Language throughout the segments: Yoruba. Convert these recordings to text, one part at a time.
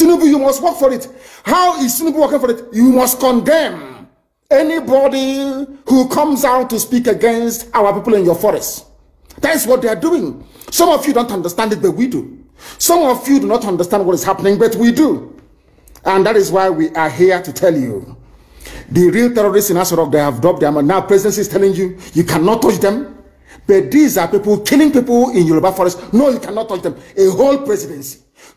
Tinubu, you must work for it. How is Tinubu working for it? You must condemn anybody who comes out to speak against our people in your forest. That is what they are doing. Some of you don't understand it, but we do. Some of you do not understand what is happening, but we do. And that is why we are here to tell you. The real terrorists in Asarok, they have dropped them. And now presidency is telling you, you cannot touch them. But these are people killing people in Yoruba forest. No, you cannot touch them. A whole presidency.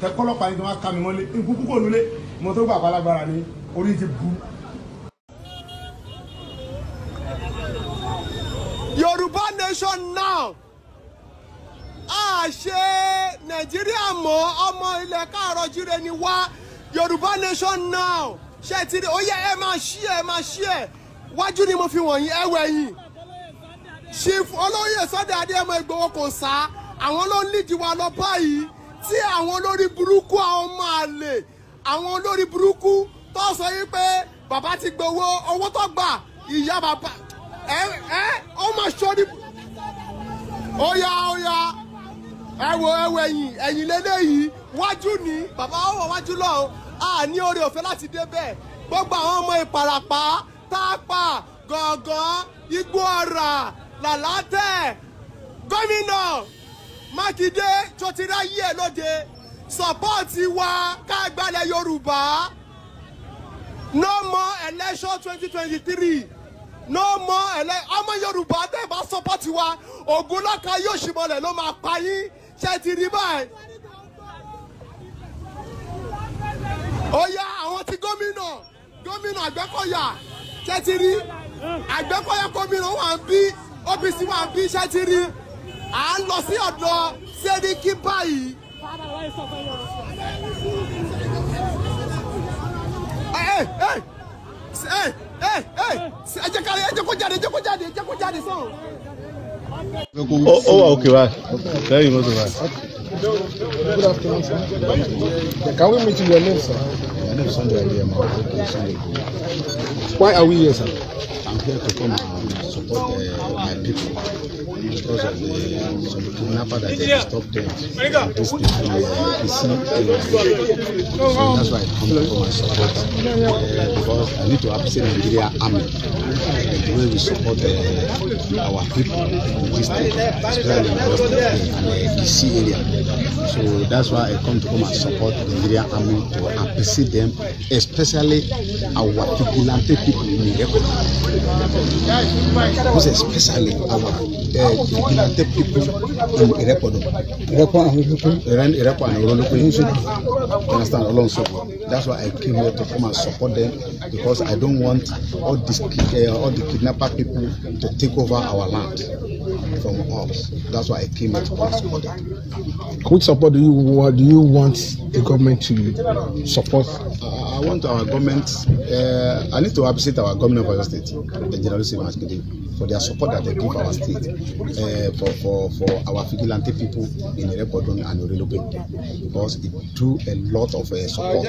tẹ yìí tó wá ká mi mọ́lé ikú púpọ̀ nulẹ̀ mo tó gbà pálágbára ni orí ti bu. Yorùbá nation now a ṣe Nàìjíríà mọ́ ọmọ ilẹ̀ káàárọ̀-ò-jíire ni wá Yorùbá nation now ṣe ti rí ó yẹ ẹ máa ṣí ẹ máa ṣí ẹ wájú ni mo fi wọ̀nyí ẹ wẹ̀yìn chief olóyè Sunday Adéyẹmọ Ìgbòho kò sá àwọn ló ń lídìí wa lọ báyìí tí àwọn olórí burúkú àwọn ọmọ àlè àwọn olórí burúkú tó sọ yìí pé bàbá ti gbowó owó tó gbà ìyá bàbá ẹ ẹ ó mà sọ́ni ó yá ó yá ẹ wo ẹ wo ẹ̀yìn ẹ̀yìn lélẹ́yìí wájú ni bàbá ó wọ wájú lọ a ní oore ọ̀fẹ́ láti débẹ̀ gbogbo àwọn ọmọ ìparapá tápà gọ̀ọ̀gàn igbó ọ̀rà làlátẹ̀ gómìnà mákindé tó ti ráyé ẹ̀ lóde sọ́pọ́ọ̀tì wa ká yorùbá no more election twenty twenty three no more ele ọmọ yorùbá tẹ́ ẹ̀ bá sọ́pọ́ọ̀tì wa ògùn lọ́ka yóò ṣìmọ̀lẹ̀ ló máa pa yín ṣe ti rí báyìí. ó yá àwọn tí gómìnà gómìnà àgbẹ̀kọ̀yà ṣe ti rí àgbẹ̀kọ̀yà gómìnà wà ń bí OPC wà ń bí ṣe ti rí à ń lọ sí ọ̀dọ̀ sẹ́ríkì báyìí. ẹ jẹ́ ká jẹ́ kó jáde jẹ́ kó jáde sọ̀rọ̀. ó wà òkè báyìí lẹ́yìn mọ́tò báyìí. Good afternoon, sir. Can we meet you your name, sir? Why are we here, sir? I'm here to come and support uh, my people because of the some kidnapper that they disturbed them. This people uh, is uh, that's why I come to come and support uh, because I need to upset Nigeria army and the way we support uh, our people in this state, especially in the and uh, DC area. So that's why I come to come and support the Nigerian army to appreciate them, especially our vigilante people in Ireko. Most especially our uh, people in Ireko. Ireko and Olokun. Eh, Ireko and Olokun. Understand? Olonso. That's why I came here to come and support them because I don't want all, this, uh, all the kidnapper people to take over our land from us. That's why I came out and supported. Which support do you what do you want the government to support? Uh, I want our government. Uh, I need to appreciate our government of our state, the General Simas for their support that they give our state uh, for, for, for our vigilante people in Erekpodun and Orelope because it drew a lot of uh, support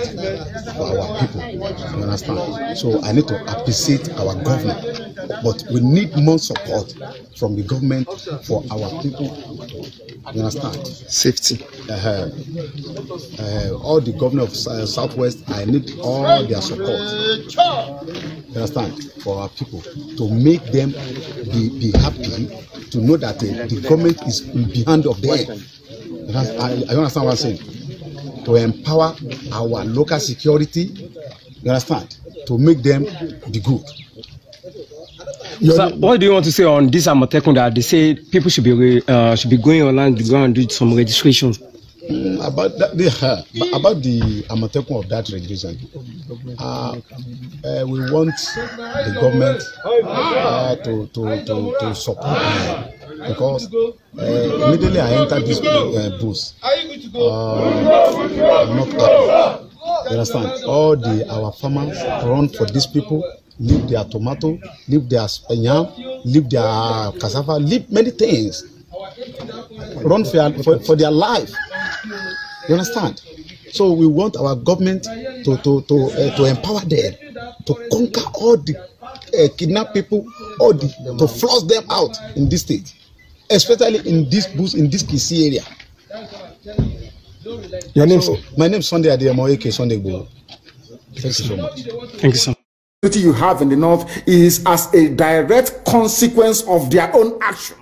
for our people. You understand? So I need to appreciate our government But we need more support from the government for our people. You understand? Safety. Uh, uh, all the governor of uh, Southwest, I need all their support. You understand? For our people to make them be, be happy to know that uh, the government is behind of them. That's, I, I understand what I'm saying. To empower our local security, you understand? To make them be good. Sir, what do you want to say on this Amotekun that they say people should be uh, should be going online to go and do some registration? Mm, about that, the, uh, about the Amotekun of that registration, uh, uh, we want the government uh, to, to, to, to support them because uh, immediately I entered this uh, booth, uh, I'm not happy. You understand? All the our farmers run for these people leave their tomato leave their yam leave their cassava leave many things run for, for, for their life you understand so we want our government to to to uh, to empower them to conquer all the uh, eh, kidnap people all the to flush them out in this state especially in this bush in this Kisi area. Your name? So, my name is Sunday Adeyemo, aka Sunday Igboho. Thank you so much. Thank you so much security you have in the north is as a direct consequence of their own action.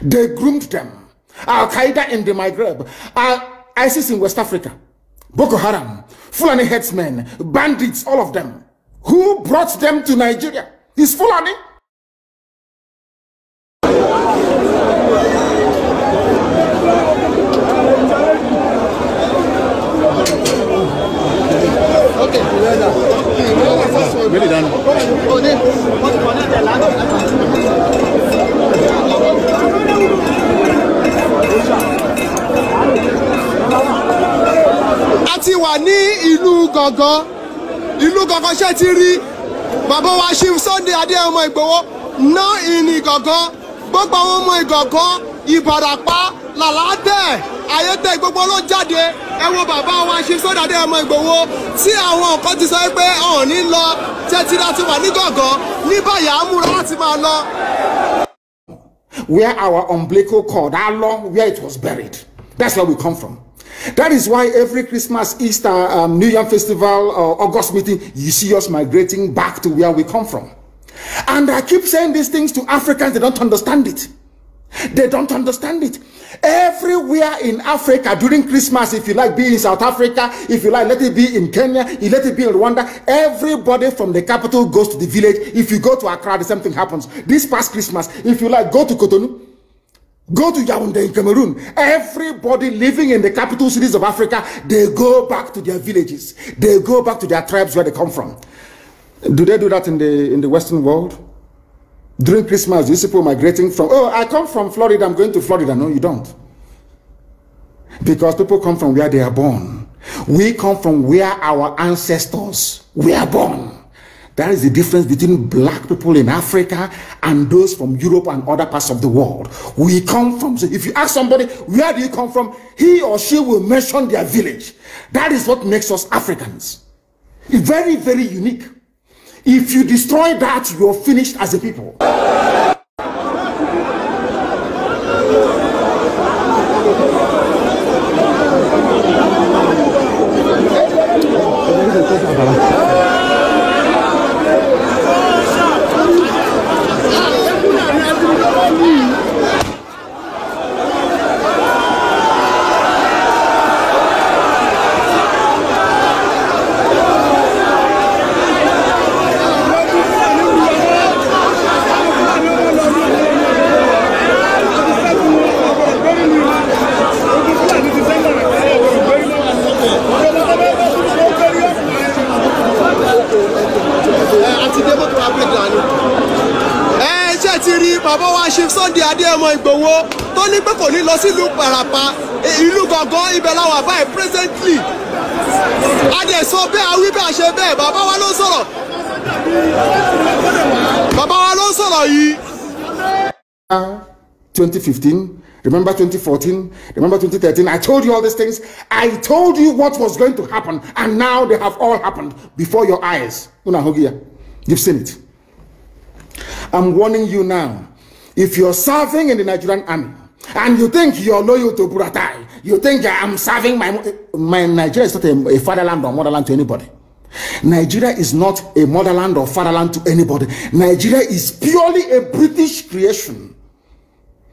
They groomed them. Al Qaeda in the Maghreb, Al ISIS in West Africa, Boko Haram, Fulani headsmen, bandits, all of them. Who brought them to Nigeria? Is Fulani? ṣe ti rí bàbá wa Chief Sunday adé ọmọ Ìgbòho ná ìní ìgàngán gbogbo àwọn ọmọ ìgàngán Ìbàràpá làlátẹ̀ ayétẹ́ gbogbo ló jáde ẹ wo bàbá wa Chief Sunday adé ọmọ Ìgbòho tí àwọn nǹkan ti sọ pé ọ̀hún ní lọ tẹ́tí láti wà ní gàngán ní báyìí á múra láti máa lọ. Where our umbilical cord, our long, where it was buried. That's where we come from. That is why every Christmas, Easter, um, New Year festival, or uh, August meeting, you see us migrating back to where we come from. And I keep saying these things to Africans, they don't understand it. They don't understand it. Everywhere in Africa during Christmas, if you like, be in South Africa, if you like, let it be in Kenya, you let it be in Rwanda. Everybody from the capital goes to the village. If you go to Accra, the same thing happens. This past Christmas, if you like, go to Cotonou, Go to Yaoundé in Cameroon. Everybody living in the capital cities of Africa, they go back to their villages. They go back to their tribes where they come from. Do they do that in the, in the Western world? During Christmas, these people migrating from, oh, I come from Florida, I'm going to Florida. No, you don't. Because people come from where they are born. We come from where our ancestors were born. That is the difference between black people in Africa and those from Europe and other parts of the world. We come from, so if you ask somebody, where do you come from? He or she will mention their village. That is what makes us Africans. very, very unique. If you destroy that, you're finished as a people. Ìgbòho tó ní pé kò ní lọ sílùú Ìbàràpá ìlú gangan ibẹ̀ làwọn àbá ẹ̀ presently adẹ̀sọ bẹ́ẹ̀ awí bẹ́ẹ̀ àṣẹ bẹ́ẹ̀ bàbá wa ló sọ̀rọ̀ bàbá wa ló sọ̀rọ̀ yìí. twenty fifteen remember twenty fourteen remember twenty thirteen I told you all these things I told you what was going to happen and now they have all happened before your eyes una hogia you've seen it I'm warning you now If you're serving in the Nigerian army and you think you're loyal to Buratai, you think I'm serving my my Nigeria is not a, a fatherland or motherland to anybody. Nigeria is not a motherland or fatherland to anybody. Nigeria is purely a British creation.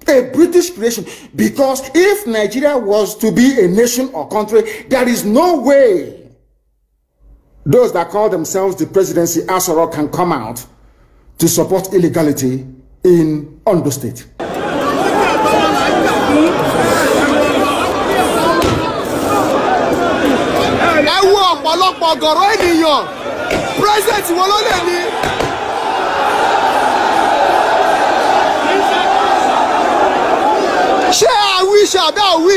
A British creation because if Nigeria was to be a nation or country, there is no way those that call themselves the presidency Asoro can come out to support illegality in Ondo State. ẹ wo ọ̀pọ̀lọpọ̀ ọ̀gọ̀rọ̀ ènìyàn president wo ló lè ní. ṣé àwí ṣàbẹ̀ àwí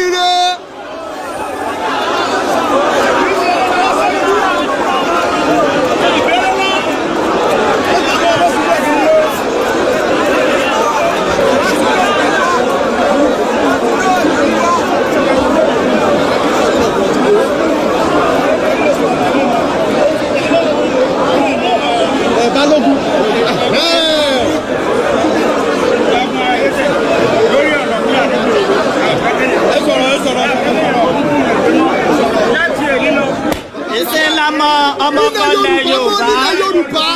kọ́lẹ̀ yorùbá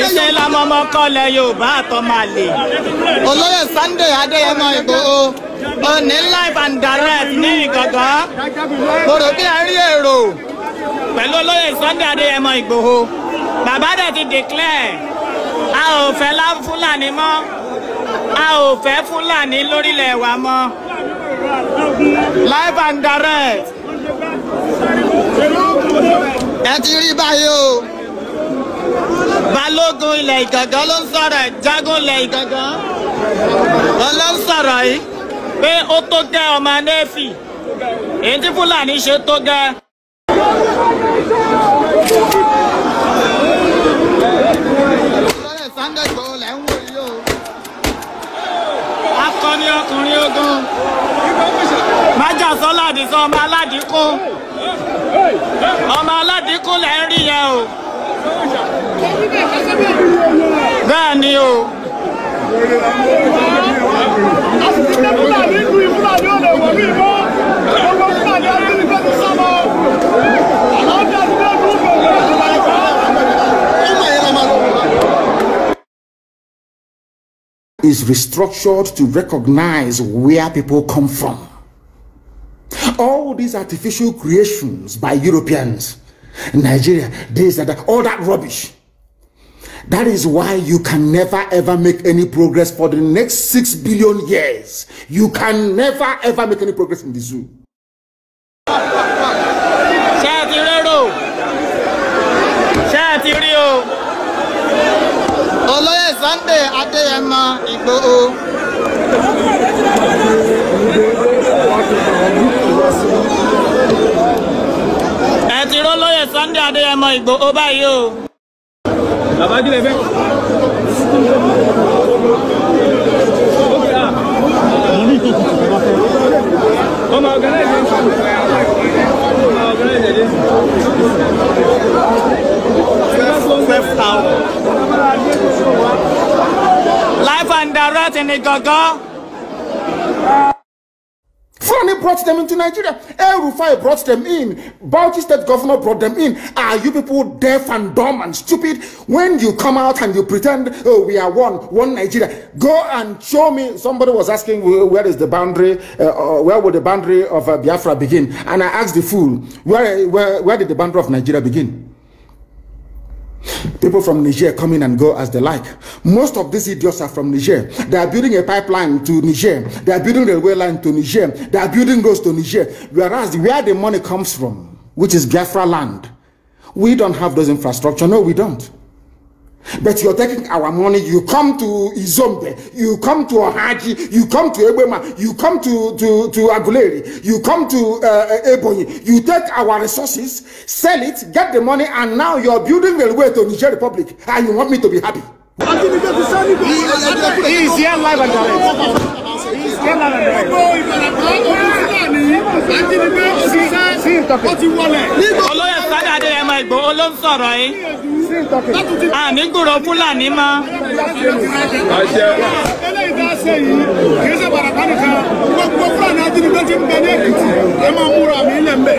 ìṣe la mọ́mọ́ kọ́lẹ̀ yorùbá àtọ́mọ àlè. olóyè Sunday Adéyẹmọ Ìgbòho òní live and direct ní Ìgàngán mo rò bí a rí èrò. pẹ̀lú olóyè Sunday Adéyẹmọ Ìgbòho bàbá dẹ̀ ti declare a ò fẹ́ fúlàní mọ́ a ò fẹ́ fúlàní lórílẹ̀ wa mọ́ live and direct ẹ ti rí báyìí o balógun ilẹ̀ ìgàngán ló ń sọ̀rọ̀ ẹ̀ jágún ilẹ̀ ìgàngán wọn ló ń sọ̀rọ̀ yìí pé ó tó gẹ́ ọmọ nẹ́ẹ̀fì èyí tí fúlàní ṣe tó gẹ́. akọni ọkùnrin ogun májà sọ́ládìí sọ ọmọ aládìí kún ọmọ aládìkúnlẹ̀ ń rí yẹn o bẹ́ẹ̀ ni o. is restructured to recognize where people come from. All these artificial creations by Europeans, Nigeria, this, that, that, all that rubbish. That is why you can never ever make any progress for the next six billion years. You can never ever make any progress in the zoo. olóyè Sunday Adéyẹmọ Ìgbòho. Sunday Adéyẹmọ Ìgbòho báyìí o. life and direct in Igangan. Fulani brought them into Nigeria. El brought them in. Bauchi state governor brought them in. Are ah, you people deaf and dumb and stupid? When you come out and you pretend, oh, we are one, one Nigeria. Go and show me. Somebody was asking, where is the boundary? Uh, uh, where would the boundary of uh, Biafra begin? And I asked the fool, where, where, where did the boundary of Nigeria begin? People from Niger come in and go as they like. Most of these idiots are from Niger. They are building a pipeline to Niger. They are building a railway line to Niger. They are building roads to Niger. Whereas where the money comes from, which is Biafra land, we don't have those infrastructure. No, we don't. But you're taking our money. You come to Izombe. You come to Ohaji. You come to Ebema. You come to, to, to Aguleri. You come to uh, Ebonyi. You take our resources, sell it, get the money, and now you're building railway to Niger Republic. And you want me to be happy. He, he is here live and direct. is here live and direct. See him talking. Olóyè Sade Adéyẹmọ Ìgbòho ló ń sọ̀rọ̀ yìí àní ah, gbòòrò fúlàní mọ́. eléyìí tá a ṣe yìí kì í ṣe bàràpá nìkan gbogbo fúlàní ajínigbé ti ń bẹ ní èkìtì ẹ máa múra mi ilẹ̀ ń bẹ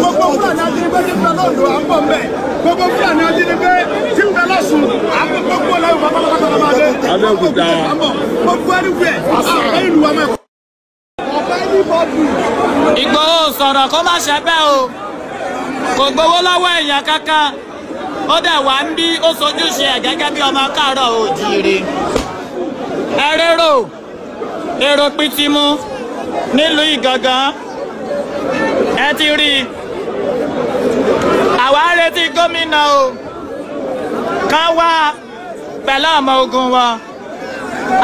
gbogbo fúlàní ajínigbé ti ń bẹ lọ́dọ̀ à ń bọ̀ ń bẹ gbogbo fúlàní ajínigbé ti ń bẹ lọ́sùn à ń bọ̀ gbogbo lẹ́yìn pátápátá máa dé gbogbo ẹni wẹ̀ àwọn ìlú wa mẹ́kọ̀ọ́. Ìgbòho sọ̀rọ̀ kó má ṣe bẹ́ẹ̀ o kò gbowó lọ́wọ́ èèyàn kankan ó dẹ̀ wá ń bí ó sojúṣe ẹ̀ gẹ́gẹ́ bí ọmọ káàárọ̀ òjíire ẹ rérò èrò pitimu nílùú Ìgàngán ẹ ti rí i àwa retí gómìnà o ká wá pẹ̀lú ọmọ ogun wọn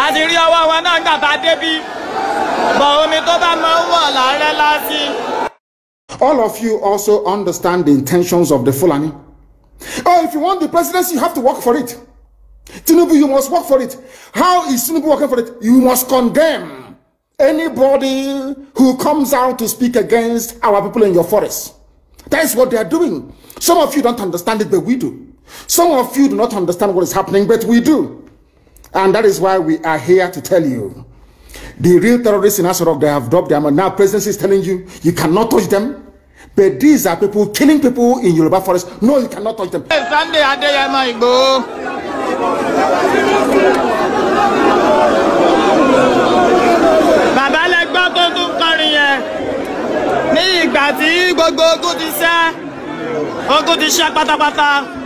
a ti rí ọwọ́ wọn náà gbà bá débí bọ̀ omi tó bá máa ń wọ̀ lárẹ́ lásì. All of you also understand the intentions of the Fulani. Oh, if you want the presidency, you have to work for it. Tinubu, you must work for it. How is Tinubu working for it? You must condemn anybody who comes out to speak against our people in your forest. That is what they are doing. Some of you don't understand it, but we do. Some of you do not understand what is happening, but we do. And that is why we are here to tell you. The real terrorists in Asorok, they have dropped them, and now presidency is telling you, you cannot touch them. But these are people killing people in Yoruba forest. No, you cannot touch them. Sunday Adeyemo Igboho. Bàbá lẹ gbọ́ tó tún kọrin yẹn. Ní ìgbà tí gbogbo ogun ti ṣẹ́, ogun ti ṣẹ́ pátápátá.